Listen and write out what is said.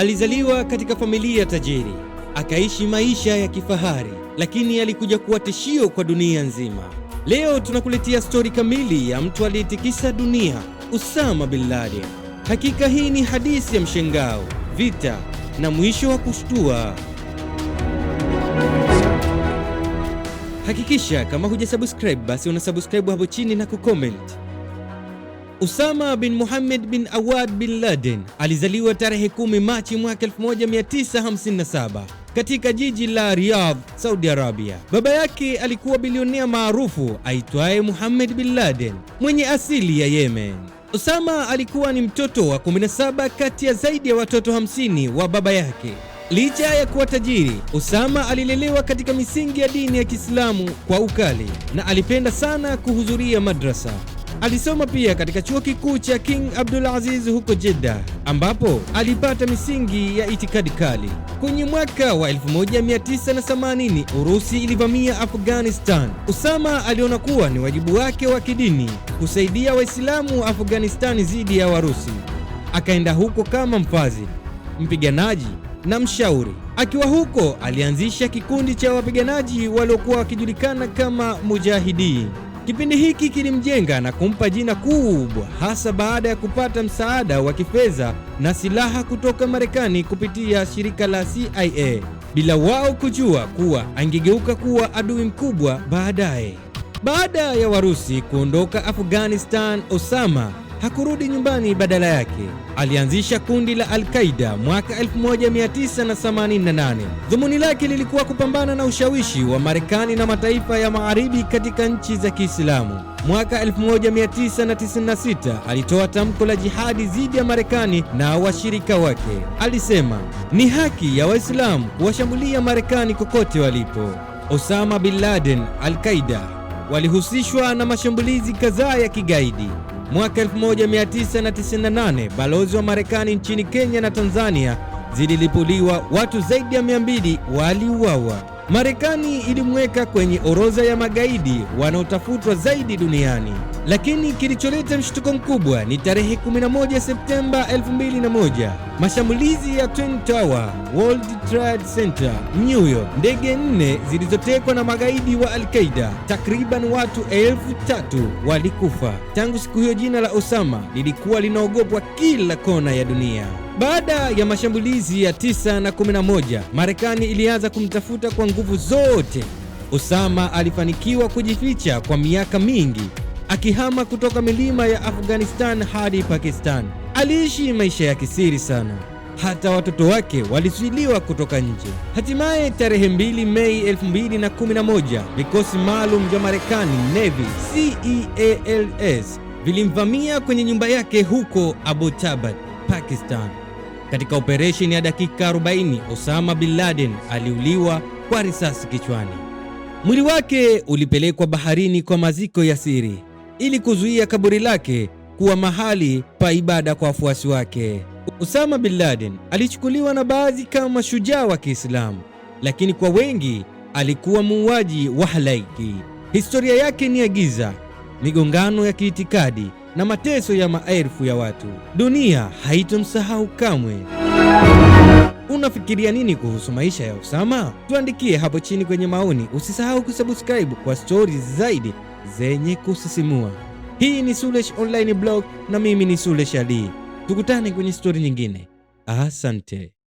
Alizaliwa katika familia tajiri, akaishi maisha ya kifahari, lakini alikuja kuwa tishio kwa dunia nzima. Leo tunakuletea stori kamili ya mtu aliyetikisa dunia, usama bin Laden. Hakika hii ni hadithi ya mshengao, vita na mwisho wa kushtua. Hakikisha kama hujasubscribe basi unasubscribe hapo chini na kucomment Usama bin Muhammad bin Awad bin Laden alizaliwa tarehe 10 Machi mwaka 1957 katika jiji la Riyadh, Saudi Arabia. Baba yake alikuwa bilionea maarufu aitwaye Muhammad bin Laden mwenye asili ya Yemen. Usama alikuwa ni mtoto wa 17 kati ya zaidi ya watoto 50 wa baba yake. Licha ya kuwa tajiri, Usama alilelewa katika misingi ya dini ya Kiislamu kwa ukali na alipenda sana kuhudhuria madrasa. Alisoma pia katika chuo kikuu cha King abdul aziz huko Jeddah, ambapo alipata misingi ya itikadi kali. Kwenye mwaka wa 1980 Urusi ilivamia Afghanistan. Usama aliona kuwa ni wajibu wake wa kidini kusaidia Waislamu wa Afghanistani dhidi ya Warusi. Akaenda huko kama mfadhili, mpiganaji na mshauri. Akiwa huko alianzisha kikundi cha wapiganaji waliokuwa wakijulikana kama Mujahideen. Kipindi hiki kilimjenga na kumpa jina kubwa, hasa baada ya kupata msaada wa kifedha na silaha kutoka Marekani kupitia shirika la CIA, bila wao kujua kuwa angegeuka kuwa adui mkubwa baadaye. Baada ya Warusi kuondoka Afghanistan, Osama hakurudi nyumbani, badala yake alianzisha kundi la Al-Qaida mwaka 1988. Dhumuni lake lilikuwa kupambana na ushawishi wa Marekani na mataifa ya Magharibi katika nchi za Kiislamu. Mwaka 1996 alitoa tamko la jihadi dhidi ya Marekani na washirika wake. Alisema ni haki ya Waislamu kuwashambulia Marekani kokote walipo. Osama bin Laden, Al-Qaida walihusishwa na mashambulizi kadhaa ya kigaidi. Mwaka 1998 balozi wa Marekani nchini Kenya na Tanzania zililipuliwa, watu zaidi ya 200 waliuawa. Marekani ilimweka kwenye orodha ya magaidi wanaotafutwa zaidi duniani, lakini kilicholeta mshtuko mkubwa ni tarehe 11 Septemba 2001, mashambulizi ya Twin Tower, World Trade Center, New York. Ndege nne zilizotekwa na magaidi wa Al-Qaeda, takriban watu elfu tatu walikufa. Tangu siku hiyo, jina la Osama lilikuwa linaogopwa kila kona ya dunia. Baada ya mashambulizi ya tisa na kumi moja, Marekani ilianza kumtafuta kwa nguvu zote. Osama alifanikiwa kujificha kwa miaka mingi, akihama kutoka milima ya Afghanistan hadi Pakistan. Aliishi maisha ya kisiri sana, hata watoto wake walizuiliwa kutoka nje. Hatimaye tarehe 2 Mei 2011, vikosi maalum vya Marekani Navy ceals vilimvamia kwenye nyumba yake huko Abbottabad, Pakistan. Katika operesheni ya dakika 40, Osama bin Laden aliuliwa kwa risasi kichwani. Mwili wake ulipelekwa baharini kwa maziko ya siri ili kuzuia kaburi lake kuwa mahali pa ibada kwa wafuasi wake. Osama bin Laden alichukuliwa na baadhi kama shujaa wa Kiislamu, lakini kwa wengi alikuwa muuaji wa halaiki. Historia yake ni ya giza, migongano ya kiitikadi na mateso ya maelfu ya watu. Dunia haitomsahau kamwe. Unafikiria nini kuhusu maisha ya Osama? Tuandikie hapo chini kwenye maoni. Usisahau kusubscribe kwa stori zaidi zenye kusisimua. Hii ni Sulesh Online Blog na mimi ni Sulesh Ali. Tukutane kwenye stori nyingine. Asante.